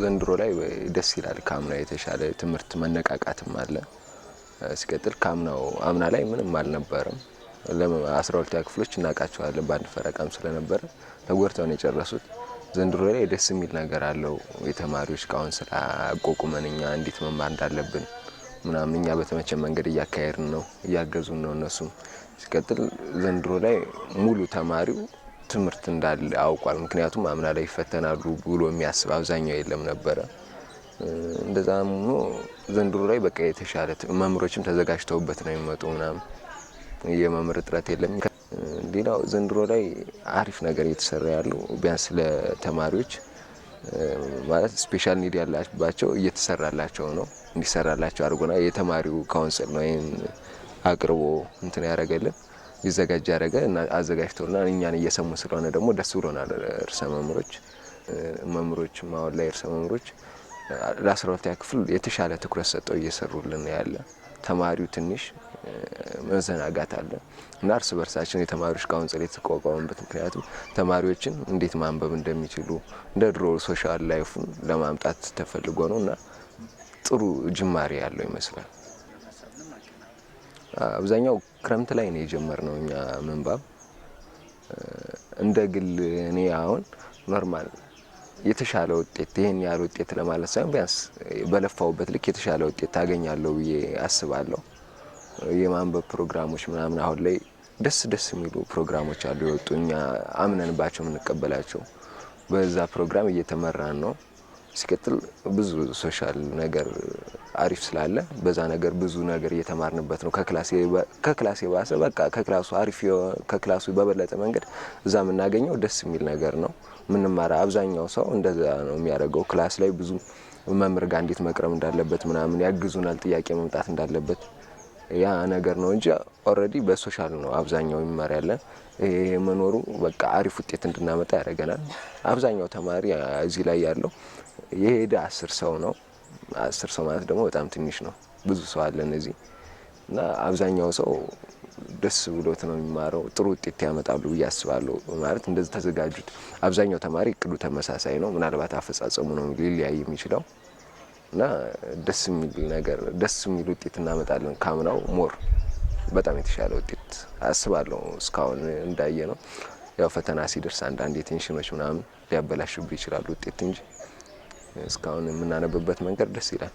ዘንድሮ ላይ ደስ ይላል። ከአምና የተሻለ ትምህርት መነቃቃትም አለ። ሲቀጥል ከአምናው አምና ላይ ምንም አልነበረም። አስራ ሁለተኛ ክፍሎች እናውቃቸዋለን በአንድ ፈረቃም ስለነበረ ተጎድተውን የጨረሱት ዘንድሮ ላይ ደስ የሚል ነገር አለው። የተማሪዎች ከአሁን ስራ አቋቁመን እኛ እንዴት መማር እንዳለብን ምናምን እኛ በተመቸ መንገድ እያካሄድን ነው፣ እያገዙን ነው እነሱም። ሲቀጥል ዘንድሮ ላይ ሙሉ ተማሪው ትምህርት እንዳለ አውቋል። ምክንያቱም አምና ላይ ይፈተናሉ ብሎ የሚያስብ አብዛኛው የለም ነበረ። እንደዛም ሆኖ ዘንድሮ ላይ በቃ የተሻለ መምህሮችም ተዘጋጅተውበት ነው የሚመጡ ምናምን የመምህር እጥረት የለም። ሌላው ዘንድሮ ላይ አሪፍ ነገር እየተሰራ ያለው ቢያንስ ለተማሪዎች ማለት ስፔሻል ኒድ ያላባቸው እየተሰራላቸው ነው እንዲሰራላቸው አድርጎና የተማሪው ካውንስል ነው ይህን አቅርቦ እንትን ያደረገልን። ይዘጋጅ ያደረገ እና አዘጋጅቶና እኛን እየሰሙ ስለሆነ ደግሞ ደስ ብሎናል። እርሰ መምሮች መምሮች አሁን ላይ እርሰ መምሮች ለአስራ ሁለተኛ ክፍል የተሻለ ትኩረት ሰጠው እየሰሩልን ያለ ተማሪው ትንሽ መዘናጋት አለ እና እርስ በርሳችን የተማሪዎች ካውንስል የተቋቋመበት ምክንያቱም ተማሪዎችን እንዴት ማንበብ እንደሚችሉ እንደ ድሮ ሶሻል ላይፉን ለማምጣት ተፈልጎ ነው እና ጥሩ ጅማሬ ያለው ይመስላል። አብዛኛው ክረምት ላይ ነው የጀመርነው እኛ ምንባብ። እንደ ግል እኔ አሁን ኖርማል የተሻለ ውጤት ይህን ያህል ውጤት ለማለት ሳይሆን ቢያንስ በለፋውበት ልክ የተሻለ ውጤት ታገኛለሁ ብዬ አስባለሁ። የማንበብ ፕሮግራሞች ምናምን አሁን ላይ ደስ ደስ የሚሉ ፕሮግራሞች አሉ የወጡ እኛ አምነንባቸው የምንቀበላቸው። በዛ ፕሮግራም እየተመራን ነው። ሲቀጥል ብዙ ሶሻል ነገር አሪፍ ስላለ በዛ ነገር ብዙ ነገር እየተማርንበት ነው። ከክላስ የባሰ በቃ ከክላሱ አሪፍ ከክላሱ በበለጠ መንገድ እዛ የምናገኘው ደስ የሚል ነገር ነው ምንማራ አብዛኛው ሰው እንደዛ ነው የሚያደርገው። ክላስ ላይ ብዙ መምህር ጋር እንዴት መቅረብ እንዳለበት ምናምን ያግዙናል። ጥያቄ መምጣት እንዳለበት ያ ነገር ነው እንጂ ኦልሬዲ በሶሻል ነው አብዛኛው ይማር ያለ ይሄ መኖሩ በቃ አሪፍ ውጤት እንድናመጣ ያደርገናል። አብዛኛው ተማሪ እዚህ ላይ ያለው የሄደ አስር ሰው ነው። አስር ሰው ማለት ደግሞ በጣም ትንሽ ነው። ብዙ ሰው አለን እዚህ እና አብዛኛው ሰው ደስ ብሎት ነው የሚማረው። ጥሩ ውጤት ያመጣሉ ብዬ አስባለሁ። ማለት እንደዚህ ተዘጋጁት። አብዛኛው ተማሪ እቅዱ ተመሳሳይ ነው። ምናልባት አፈጻጸሙ ነው ሊለያይ የሚችለው። እና ደስ የሚል ነገር ደስ የሚል ውጤት እናመጣለን። ካምናው ሞር በጣም የተሻለ ውጤት አስባለሁ። እስካሁን እንዳየ ነው ያው ፈተና ሲደርስ አንዳንድ የቴንሽኖች ምናምን ሊያበላሽብህ ይችላል ውጤት እንጂ እስካሁን የምናነብበት መንገድ ደስ ይላል።